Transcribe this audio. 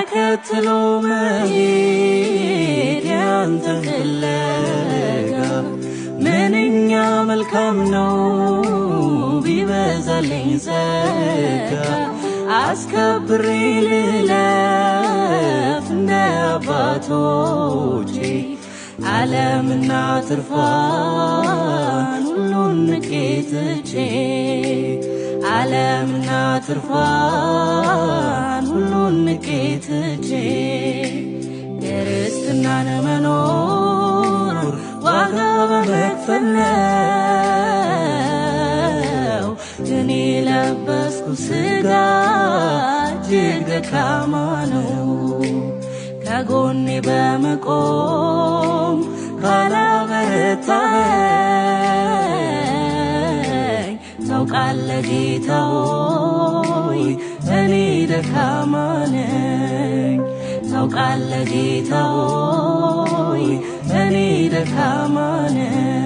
ተከትሎ መሄድ ያንተ ፍለጋ ምንኛ መልካም ነው ቢበዛልኝ ጸጋ አስከብሬ ልለፍ እንደ አባቶቼ ዓለምና ትርፋን ሁሉን ንቄ ትቼ ዓለምና ትርፋን ቃል ሁሉን ንቄ ትቼ የርስትናን መኖር ዋጋ በመክፈል ነው። እኔ ለበስኩ ስጋ እጅግ ደካማ ነው። ከጎኔ በመቆም ካላበረታኝ ታውቃለህ ጌታዬ ደካማ ነኝ ታውቃለህ ጌታ ሆይ እኔ ደካማ ነኝ